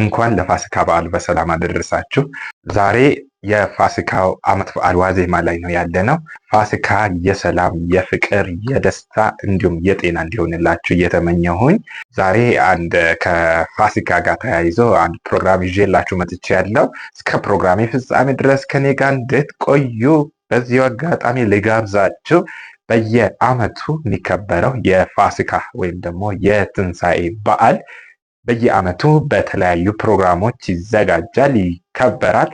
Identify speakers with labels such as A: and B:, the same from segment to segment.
A: እንኳን ለፋሲካ በዓል በሰላም አደረሳችሁ። ዛሬ የፋሲካው ዓመት በዓል ዋዜማ ላይ ነው ያለ ነው። ፋሲካ የሰላም የፍቅር፣ የደስታ እንዲሁም የጤና እንዲሆንላችሁ እየተመኘሁኝ ዛሬ አንድ ከፋሲካ ጋር ተያይዞ አንድ ፕሮግራም ይዤላችሁ መጥቼ ያለው እስከ ፕሮግራሜ ፍጻሜ ድረስ ከኔ ጋር እንድትቆዩ በዚሁ አጋጣሚ ልጋብዛችሁ። በየዓመቱ የሚከበረው የፋሲካ ወይም ደግሞ የትንሣኤ በዓል በየዓመቱ በተለያዩ ፕሮግራሞች ይዘጋጃል፣ ይከበራል።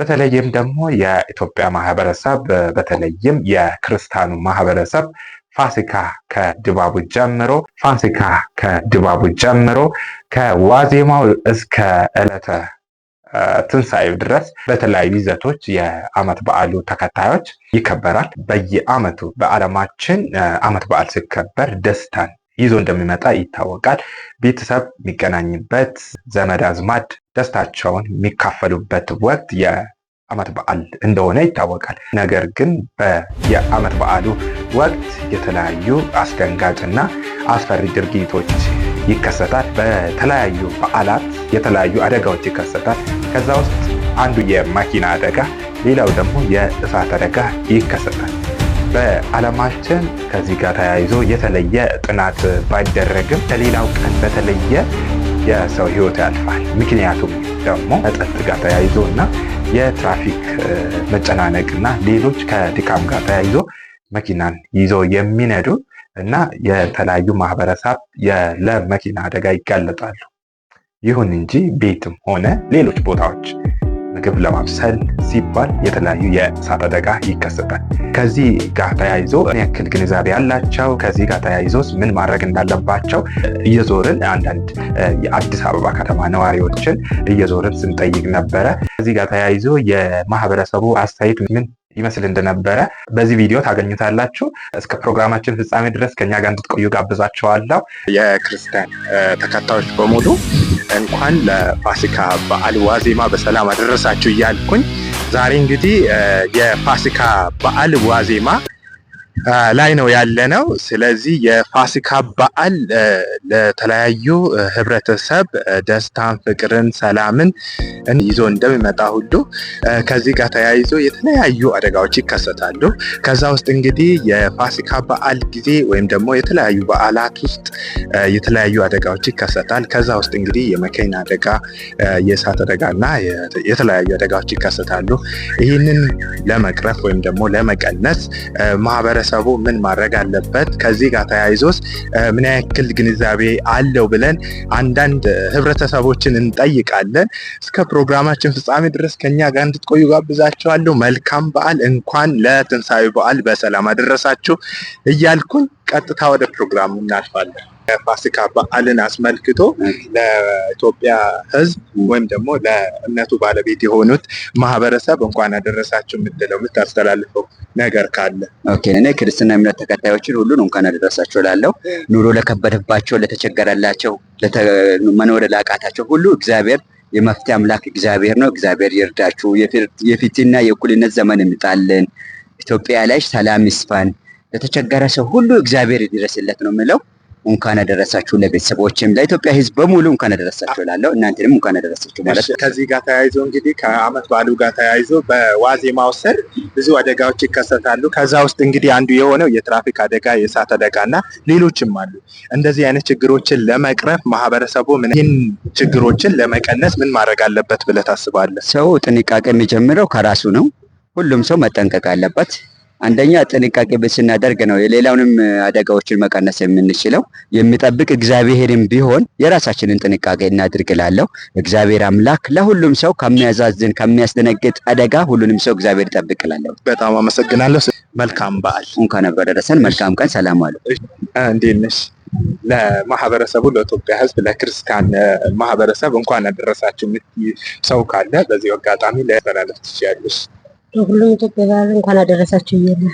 A: በተለይም ደግሞ የኢትዮጵያ ማህበረሰብ በተለይም የክርስታኑ ማህበረሰብ ፋሲካ ከድባቡ ጀምሮ ፋሲካ ከድባቡ ጀምሮ ከዋዜማው እስከ ዕለተ ትንሣኤው ድረስ በተለያዩ ይዘቶች የዓመት በዓሉ ተከታዮች ይከበራል። በየዓመቱ በዓለማችን ዓመት በዓል ሲከበር ደስታን ይዞ እንደሚመጣ ይታወቃል። ቤተሰብ የሚገናኝበት ዘመድ አዝማድ ደስታቸውን የሚካፈሉበት ወቅት የዓመት በዓል እንደሆነ ይታወቃል። ነገር ግን የዓመት በዓሉ ወቅት የተለያዩ አስደንጋጭና አስፈሪ ድርጊቶች ይከሰታል። በተለያዩ በዓላት የተለያዩ አደጋዎች ይከሰታል። ከዛ ውስጥ አንዱ የመኪና አደጋ፣ ሌላው ደግሞ የእሳት አደጋ ይከሰታል። በዓለማችን ከዚህ ጋር ተያይዞ የተለየ ጥናት ባይደረግም ከሌላው ቀን በተለየ የሰው ህይወት ያልፋል። ምክንያቱም ደግሞ መጠጥ ጋር ተያይዞ እና የትራፊክ መጨናነቅ እና ሌሎች ከድካም ጋር ተያይዞ መኪናን ይዘው የሚነዱ እና የተለያዩ ማህበረሰብ ለመኪና አደጋ ይጋለጣሉ። ይሁን እንጂ ቤትም ሆነ ሌሎች ቦታዎች ምግብ ለማብሰል ሲባል የተለያዩ የእሳት አደጋ ይከሰታል። ከዚህ ጋር ተያይዞ ምን ያክል ግንዛቤ ያላቸው ከዚህ ጋር ተያይዞ ምን ማድረግ እንዳለባቸው እየዞርን አንዳንድ የአዲስ አበባ ከተማ ነዋሪዎችን እየዞርን ስንጠይቅ ነበረ። ከዚህ ጋር ተያይዞ የማህበረሰቡ አስተያየት ምን ይመስል እንደነበረ በዚህ ቪዲዮ ታገኙታላችሁ። እስከ ፕሮግራማችን ፍጻሜ ድረስ ከኛ ጋር እንድትቆዩ ጋብዛችኋለሁ። የክርስቲያን ተከታዮች በሙሉ እንኳን ለፋሲካ በዓል ዋዜማ በሰላም አደረሳችሁ እያልኩኝ ዛሬ እንግዲህ የፋሲካ በዓል ዋዜማ ላይ ነው ነው። ስለዚህ የፋሲካ በዓል ለተለያዩ ህብረተሰብ ደስታን፣ ፍቅርን፣ ሰላምን ይዞ እንደሚመጣ ሁሉ ከዚህ ጋር ተያይዞ የተለያዩ አደጋዎች ይከሰታሉ። ከዛ ውስጥ እንግዲህ የፋሲካ በዓል ጊዜ ወይም ደግሞ የተለያዩ በዓላት ውስጥ የተለያዩ አደጋዎች ይከሰታል። ከዛ ውስጥ እንግዲህ የመኪና አደጋ፣ የእሳት አደጋ እና የተለያዩ አደጋዎች ይከሰታሉ። ይህንን ለመቅረፍ ወይም ደግሞ ለመቀነስ ማህበረ ማህበረሰቡ ምን ማድረግ አለበት፣ ከዚህ ጋር ተያይዞስ ምን ያክል ግንዛቤ አለው ብለን አንዳንድ ህብረተሰቦችን እንጠይቃለን። እስከ ፕሮግራማችን ፍጻሜ ድረስ ከኛ ጋር እንድትቆዩ ጋብዛችኋለሁ። መልካም በዓል፣ እንኳን ለትንሳኤ በዓል በሰላም አደረሳችሁ እያልኩን ቀጥታ ወደ ፕሮግራሙ እናልፋለን። የፋሲካ በዓልን አስመልክቶ ለኢትዮጵያ ሕዝብ ወይም ደግሞ ለእምነቱ ባለቤት የሆኑት ማህበረሰብ እንኳን አደረሳችሁ የምትለው የምታስተላልፈው ነገር ካለ?
B: ኦኬ እኔ ክርስትና እምነት ተከታዮችን ሁሉን እንኳን አደረሳቸው ላለው ኑሮ ለከበደባቸው፣ ለተቸገረላቸው፣ መኖር ላቃታቸው ሁሉ እግዚአብሔር የመፍትሄ አምላክ እግዚአብሔር ነው። እግዚአብሔር ይርዳችሁ። የፊትና የእኩልነት ዘመን ይምጣልን። ኢትዮጵያ ላይ ሰላም ይስፈን። ለተቸገረ ሰው ሁሉ እግዚአብሔር ይድረስለት ነው የምለው። እንኳን አደረሳችሁ ለቤተሰቦችም ለኢትዮጵያ ሕዝብ በሙሉ እንኳን አደረሳችሁ እላለሁ። እናንተንም እንኳን አደረሳችሁ
A: ማለት ነው። ከዚህ ጋር ተያይዞ እንግዲህ ከአመት በዓሉ ጋር ተያይዞ በዋዜማው ስር ብዙ አደጋዎች ይከሰታሉ። ከዛ ውስጥ እንግዲህ አንዱ የሆነው የትራፊክ አደጋ፣ የእሳት አደጋ እና ሌሎችም አሉ። እንደዚህ አይነት ችግሮችን ለመቅረፍ ማህበረሰቡ ምን ይህን ችግሮችን ለመቀነስ ምን ማድረግ አለበት ብለህ ታስባለህ?
B: ሰው ጥንቃቄ የሚጀምረው ከራሱ ነው። ሁሉም ሰው መጠንቀቅ አለበት። አንደኛ ጥንቃቄ ስናደርግ ነው የሌላውንም አደጋዎችን መቀነስ የምንችለው። የሚጠብቅ እግዚአብሔርም ቢሆን የራሳችንን ጥንቃቄ እናድርግ እላለሁ። እግዚአብሔር አምላክ ለሁሉም ሰው ከሚያዛዝን ከሚያስደነግጥ አደጋ ሁሉንም ሰው እግዚአብሔር ይጠብቅ እላለሁ።
A: በጣም አመሰግናለሁ። መልካም በዓል
B: እንኳን አብሮ ደረሰን። መልካም ቀን። ሰላም አሉ።
A: እንዴት ነሽ? ለማህበረሰቡ ለኢትዮጵያ ሕዝብ ለክርስቲያን ማህበረሰብ እንኳን አደረሳችሁ የምትይ ሰው ካለ በዚህ አጋጣሚ ለተላለፍ ትችያለሽ።
C: ሁሉም ኢትዮጵያ በዓል እንኳን አደረሳችሁ እያለ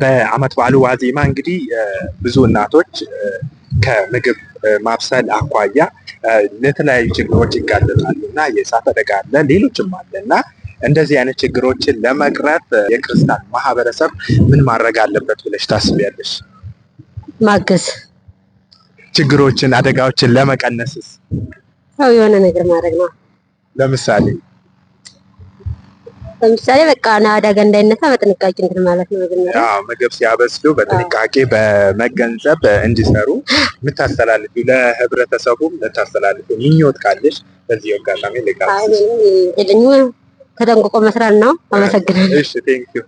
A: በዓመት በዓሉ ዋዜማ እንግዲህ ብዙ እናቶች ከምግብ ማብሰል አኳያ ለተለያዩ ችግሮች ይጋለጣሉ እና የእሳት አደጋ አለ፣ ሌሎችም አለ እና እንደዚህ አይነት ችግሮችን ለመቅረፍ የክርስቲያን ማህበረሰብ ምን ማድረግ አለበት ብለሽ ታስቢያለሽ? ማገዝ፣ ችግሮችን አደጋዎችን ለመቀነስስ
C: ሰው የሆነ ነገር ማድረግ ነው። ለምሳሌ ለምሳሌ በቃ አደጋ እንዳይነሳ በጥንቃቄ እንትን ማለት ነው።
A: መጀመሪያ ምግብ ሲያበስሉ በጥንቃቄ በመገንዘብ እንዲሰሩ የምታስተላልፊ ለህብረተሰቡ ልታስተላልፊ ምኞት ካለሽ በዚህ አጋጣሚ
C: ልቃልኝ ተጠንቅቆ መስራት ነው። አመሰግናለሁ።
A: እሺ፣ ቴንክ ዩ።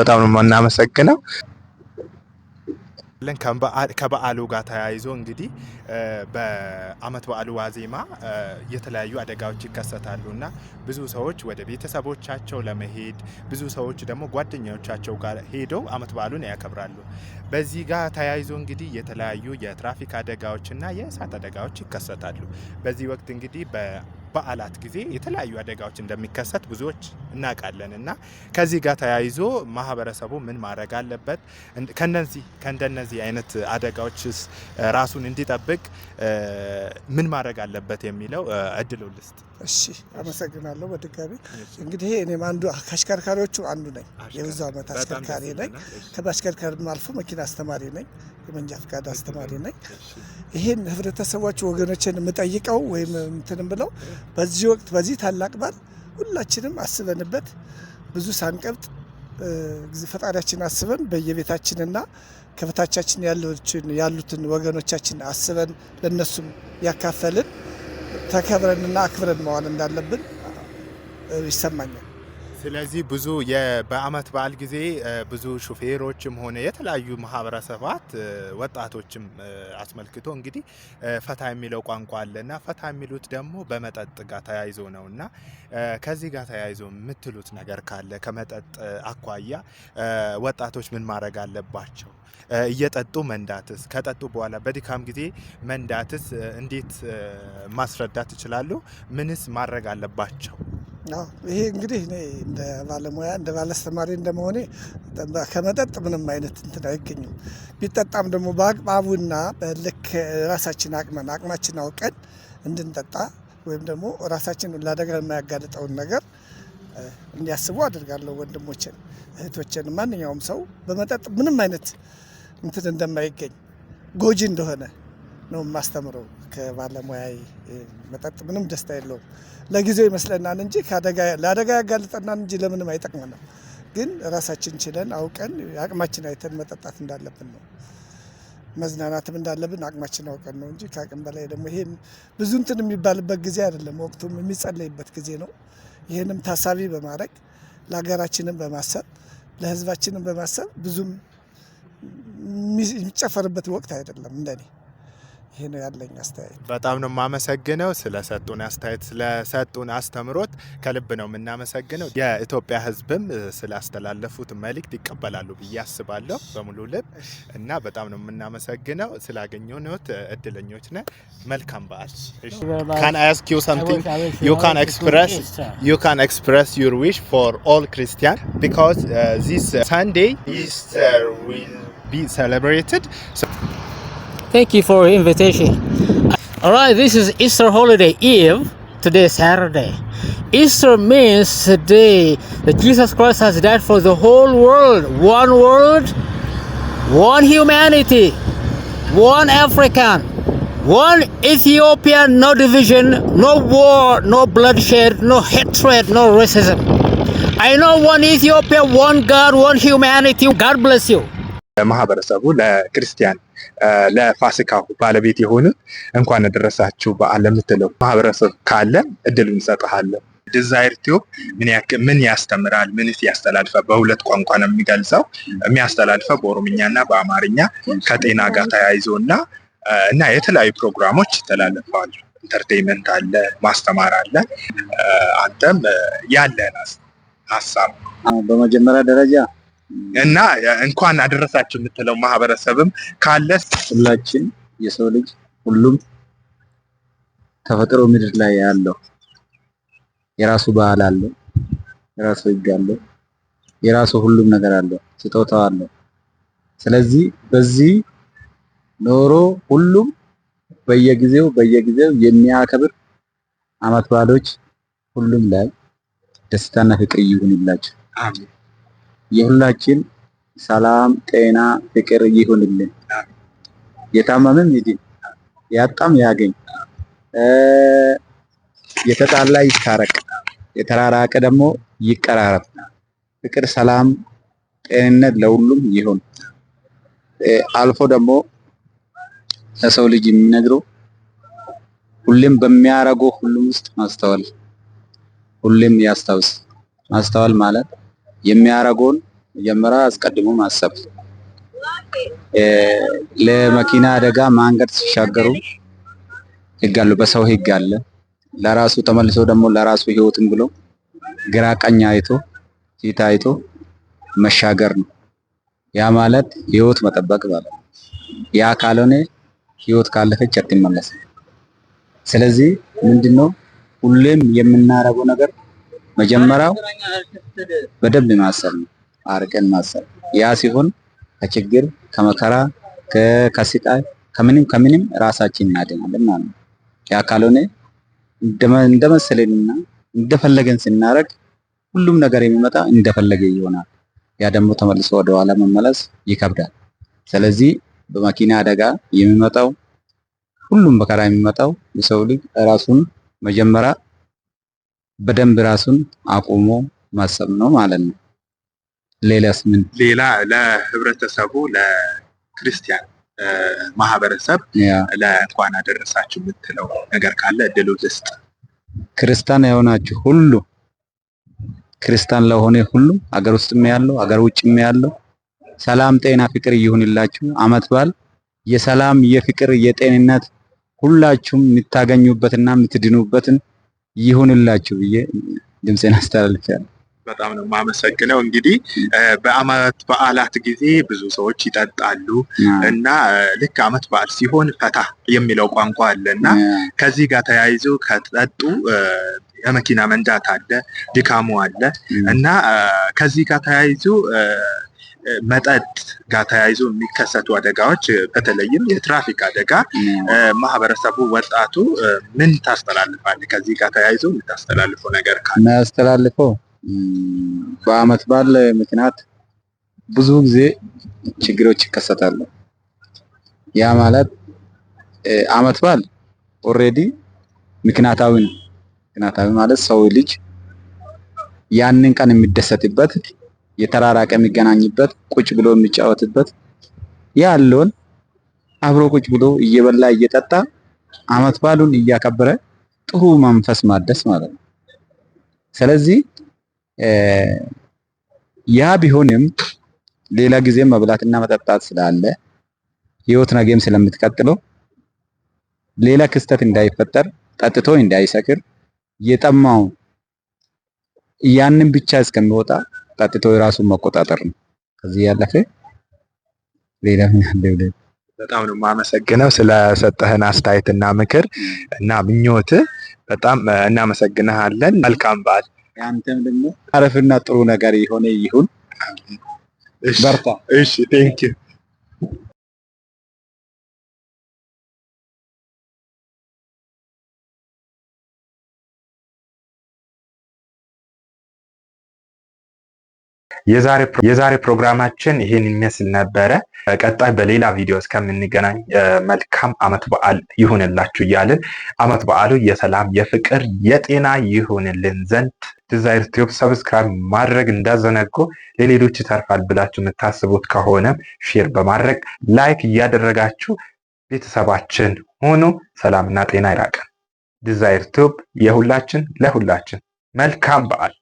A: በጣም ነው እናመሰግነው። ለን ከበዓሉ ጋር ተያይዞ እንግዲህ በአመት በዓሉ ዋዜማ የተለያዩ አደጋዎች ይከሰታሉ እና ብዙ ሰዎች ወደ ቤተሰቦቻቸው ለመሄድ ብዙ ሰዎች ደግሞ ጓደኞቻቸው ጋር ሄደው አመት በዓሉን ያከብራሉ። በዚህ ጋር ተያይዞ እንግዲህ የተለያዩ የትራፊክ አደጋዎችና የእሳት አደጋዎች ይከሰታሉ። በዚህ ወቅት እንግዲህ በዓላት ጊዜ የተለያዩ አደጋዎች እንደሚከሰት ብዙዎች እናውቃለን እና ከዚህ ጋር ተያይዞ ማህበረሰቡ ምን ማድረግ አለበት? ከነዚህ ከእንደነዚህ አይነት አደጋዎችስ ራሱን እንዲጠብቅ ምን ማድረግ አለበት የሚለው እድሉ ልስጥ።
D: እሺ፣ አመሰግናለሁ። በድጋሚ እንግዲህ እኔም አንዱ ከአሽከርካሪዎቹ አንዱ ነኝ። የብዙ ዓመት አሽከርካሪ ነኝ። ከአሽከርካሪ አልፎ መኪና አስተማሪ ነኝ። የመንጃ ፈቃድ አስተማሪ ነኝ። ይሄን ህብረተሰባችሁ ወገኖችን የምጠይቀው ወይም እንትን ብለው በዚህ ወቅት በዚህ ታላቅ በዓል ሁላችንም አስበንበት ብዙ ሳንቀብጥ ፈጣሪያችን አስበን በየቤታችንና ከበታቻችን ያሉትን ወገኖቻችን አስበን ለነሱም ያካፈልን ተከብረንና አክብረን መዋል እንዳለብን ይሰማኛል።
A: ስለዚህ ብዙ በአመት በዓል ጊዜ ብዙ ሹፌሮችም ሆነ የተለያዩ ማህበረሰባት ወጣቶችም አስመልክቶ እንግዲህ ፈታ የሚለው ቋንቋ አለና ፈታ የሚሉት ደግሞ በመጠጥ ጋር ተያይዞ ነው እና ከዚህ ጋር ተያይዞ የምትሉት ነገር ካለ ከመጠጥ አኳያ ወጣቶች ምን ማድረግ አለባቸው? እየጠጡ መንዳትስ፣ ከጠጡ በኋላ በድካም ጊዜ መንዳትስ እንዴት ማስረዳት ይችላሉ? ምንስ ማድረግ አለባቸው?
D: ይሄ እንግዲህ እንደ ባለሙያ እንደ ባለስተማሪ እንደመሆኔ ከመጠጥ ምንም አይነት እንትን አይገኝም። ቢጠጣም ደግሞ በአግባቡና በልክ ራሳችን አቅመን አቅማችን አውቀን እንድንጠጣ ወይም ደግሞ ራሳችን ለአደጋ የማያጋልጠውን ነገር እንዲያስቡ አድርጋለሁ። ወንድሞችን፣ እህቶችን፣ ማንኛውም ሰው በመጠጥ ምንም አይነት እንትን እንደማይገኝ ጎጂ እንደሆነ ነው የማስተምረው። ከባለሙያ መጠጥ ምንም ደስታ የለውም። ለጊዜው ይመስለናል እንጂ ለአደጋ ያጋልጠናል እንጂ ለምንም አይጠቅመንም። ግን ራሳችን ችለን አውቀን አቅማችን አይተን መጠጣት እንዳለብን ነው መዝናናትም እንዳለብን አቅማችን አውቀን ነው እንጂ ከአቅም በላይ ደግሞ ይሄም ብዙ እንትን የሚባልበት ጊዜ አይደለም። ወቅቱም የሚጸለይበት ጊዜ ነው። ይህንም ታሳቢ በማድረግ ለሀገራችንም በማሰብ ለህዝባችንም በማሰብ ብዙም የሚጨፈርበት ወቅት አይደለም እንደኔ ይሄ ነው ያለኝ አስተያየት።
A: በጣም ነው የማመሰግነው ስለሰጡን አስተያየት፣ ስለሰጡን አስተምሮት ከልብ ነው የምናመሰግነው። የኢትዮጵያ ሕዝብም ስላስተላለፉት መልእክት ይቀበላሉ ብዬ አስባለሁ በሙሉ ልብ እና በጣም ነው የምናመሰግነው። ስላገኘሁት እድለኞች ነ መልካም በዓል። ካን አስክ ዩ ሰምቲንግ ዩ ካን ኤክስፕረስ ዩ ካን ኤክስፕረስ ዩር ዊሽ ፎር ኦል ክርስቲያን ቢካዝ ዚስ ኢስተር ዊል ቢ ሴሌብሬትድ
E: Thank you for your invitation. All right, this is Easter holiday Eve. Today is Saturday. Easter means today that Jesus Christ has died for the whole world. One world, one humanity, one African, one Ethiopian, no division, no war, no bloodshed, no hatred, no racism. I know one Ethiopia, one God, one humanity. God bless you.
A: ለማህበረሰቡ ለክርስቲያን ለፋሲካው ባለቤት የሆነ እንኳን ደረሳችሁ በዓል የምትለው ማህበረሰብ ካለ እድል እንሰጥሃለን። ዲዛይር ቲዩብ ምን ያስተምራል? ምንስ ያስተላልፋል? በሁለት ቋንቋ ነው የሚገልጸው። የሚያስተላልፈው በኦሮምኛ እና በአማርኛ ከጤና ጋር ተያይዞ እና እና የተለያዩ ፕሮግራሞች ይተላለፋሉ። ኢንተርቴንመንት አለ፣ ማስተማር አለ። አንተም ያለን ሀሳብ
B: በመጀመሪያ ደረጃ
A: እና እንኳን አደረሳችሁ የምትለው ማህበረሰብም ካለ
B: ሁላችን የሰው ልጅ ሁሉም ተፈጥሮ ምድር ላይ ያለው የራሱ ባህል አለው፣ የራሱ ህግ አለው፣ የራሱ ሁሉም ነገር አለው፣ ስጦታ አለው። ስለዚህ በዚህ ኖሮ ሁሉም በየጊዜው በየጊዜው የሚያከብር አመት ባሎች ሁሉም ላይ ደስታና ፍቅር አሜን። የሁላችን ሰላም፣ ጤና፣ ፍቅር ይሁንልን። የታመመም ይድን፣ ያጣም ያገኝ፣ የተጣላ ይታረቅ፣ የተራራቀ ደግሞ ይቀራረብ። ፍቅር፣ ሰላም፣ ጤንነት ለሁሉም ይሁን። አልፎ ደግሞ ለሰው ልጅ የሚነግረው ሁሌም በሚያረጉ ሁሉም ውስጥ ማስተዋል ሁሌም ያስታውስ። ማስተዋል ማለት የሚያደርገውን መጀመሪያ አስቀድሞ ማሰብ፣ ለመኪና አደጋ መንገድ ሲሻገሩ ህግ በሰው ህግ አለ። ለራሱ ተመልሶ ደግሞ ለራሱ ህይወትን ብሎ ግራ ቀኝ አይቶ ፊት አይቶ መሻገር ነው። ያ ማለት ህይወት መጠበቅ ማለት ነው። ያ ካልሆነ ህይወት ካለፈች አትመለስም። ስለዚህ ምንድነው ሁሌም የምናደርገው ነገር መጀመሪያው በደንብ ማሰብ ነው፣ አርቀን ማሰብ። ያ ሲሆን ከችግር ከመከራ ከስቃይ ከምንም ከምንም ራሳችን እናድናለን ማለት ነው። ያ ካልሆነ እንደመሰለንና እንደፈለገን ስናረግ ሁሉም ነገር የሚመጣ እንደፈለገ ይሆናል። ያ ደግሞ ተመልሶ ወደኋላ መመለስ ይከብዳል። ስለዚህ በመኪና አደጋ የሚመጣው ሁሉም መከራ የሚመጣው የሰው ልጅ ራሱን መጀመሪያ በደንብ ራሱን አቁሞ ማሰብ ነው ማለት ነው። ሌላስ ምን
A: ሌላ ለህብረተሰቡ ለክርስቲያን ማህበረሰብ ለእንኳን አደረሳችሁ የምትለው ነገር ካለ እድሉ ልስጥ።
B: ክርስቲያን የሆናችሁ ሁሉ ክርስቲያን ለሆነ ሁሉ አገር ውስጥም ያለው አገር ውጭም ያለው ሰላም፣ ጤና፣ ፍቅር ይሁንላችሁ። አመት በዓል የሰላም የፍቅር የጤንነት ሁላችሁም የምታገኙበትና የምትድኑበትን ይሁንላችሁ ብዬ ድምፄን አስተላልፊያለሁ።
A: በጣም ነው የማመሰግነው። እንግዲህ በአመት በዓላት ጊዜ ብዙ ሰዎች ይጠጣሉ እና ልክ አመት በዓል ሲሆን ፈታ የሚለው ቋንቋ አለ እና ከዚህ ጋር ተያይዞ ከጠጡ የመኪና መንዳት አለ፣ ድካሙ አለ እና ከዚህ ጋር ተያይዞ መጠጥ ጋር ተያይዞ የሚከሰቱ አደጋዎች በተለይም የትራፊክ አደጋ ማህበረሰቡ ወጣቱ ምን ታስተላልፋል? ከዚህ ጋር ተያይዞ የምታስተላልፈው ነገር ካለ?
B: የሚያስተላልፈው በአመት ባለ ምክንያት ብዙ ጊዜ ችግሮች ይከሰታሉ። ያ ማለት አመት ባል ኦሬዲ ምክንያታዊ ነው። ምክንያታዊ ማለት ሰው ልጅ ያንን ቀን የሚደሰትበት የተራራቀ የሚገናኝበት ቁጭ ብሎ የሚጫወትበት ያለውን አብሮ ቁጭ ብሎ እየበላ እየጠጣ አመት ባሉን እያከበረ ጥሩ መንፈስ ማደስ ማለት ነው። ስለዚህ ያ ቢሆንም ሌላ ጊዜ መብላትና መጠጣት ስላለ ህይወት ነገም ስለምትቀጥለው ሌላ ክስተት እንዳይፈጠር ጠጥቶ እንዳይሰክር የጠማው ያንን ብቻ እስከሚወጣ ጠጥቶ የራሱን መቆጣጠር ነው። ከዚህ ያለፈ ሌላ
A: በጣም ነው የማመሰግነው ስለሰጠህን አስተያየትና ምክር እና ምኞት በጣም እናመሰግንሃለን። መልካም በዓል።
B: አንተም ደግሞ አረፍና ጥሩ ነገር የሆነ ይሁን።
A: በርታ። እሺ፣ የዛሬ ፕሮግራማችን ይህን ይመስል ነበረ። ቀጣይ በሌላ ቪዲዮ እስከምንገናኝ መልካም አመት በዓል ይሁንላችሁ እያልን አመት በዓሉ የሰላም የፍቅር የጤና ይሁንልን ዘንድ ዲዛይር ቲዩብ ሰብስክራይብ ማድረግ እንዳዘነጉ። ለሌሎች ይተርፋል ብላችሁ የምታስቡት ከሆነ ሼር በማድረግ ላይክ እያደረጋችሁ ቤተሰባችን ሆኑ። ሰላምና ጤና ይራቀን። ዲዛይር ቲዩብ የሁላችን ለሁላችን መልካም በዓል